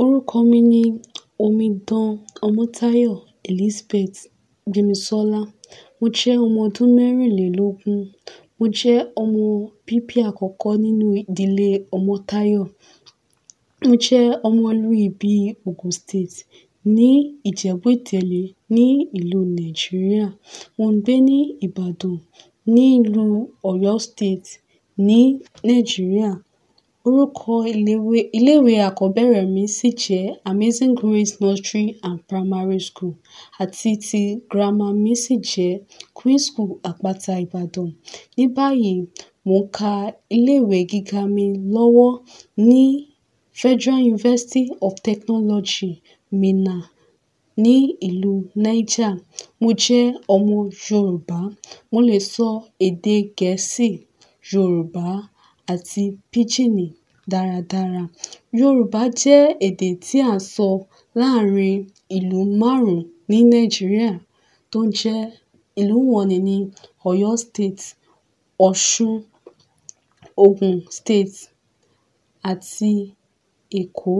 orúkọ mi ni omidan ọmọtáyọ elizabeth gbémisọ́lá mo jẹ́ ọmọ ọdún mẹ́rìnlélógún mo jẹ́ ọmọ bíbí àkọ́kọ́ nínú ìdílé ọmọtáyọ mo jẹ́ ọmọ ìlú ibi ogun state ní ìjẹ́bú-ìtẹ́lẹ̀ ní ìlú nàìjíríà mò ń gbé ní ìbàdàn ní ìlú ọ̀yọ́ state ní nàìjíríà Orúkọ iléèwé àkọ́bẹ̀rẹ̀ mi sì jẹ́ Amazing Grace Nursery and Primary School àti ti girama mi sì jẹ́ Queen's School Àpáta Ìbàdàn. Ní báyìí, mò ń ka iléèwé gíga mi lọ́wọ́ ní Federal University of Technology Mina ní ìlú Niger. Mo jẹ́ ọmọ Yorùbá, mo lè sọ èdè Gẹ̀ẹ́sì, Yorùbá àti Píjíìnì dáradára. Yorùbá jẹ́ èdè tí à ń sọ láàárín ìlú márùn-ún ní Nàìjíríà tó ń jẹ́ ìlú wọ̀nì ni Ọ̀yọ́ State, osun, Ogun State àti Èkó.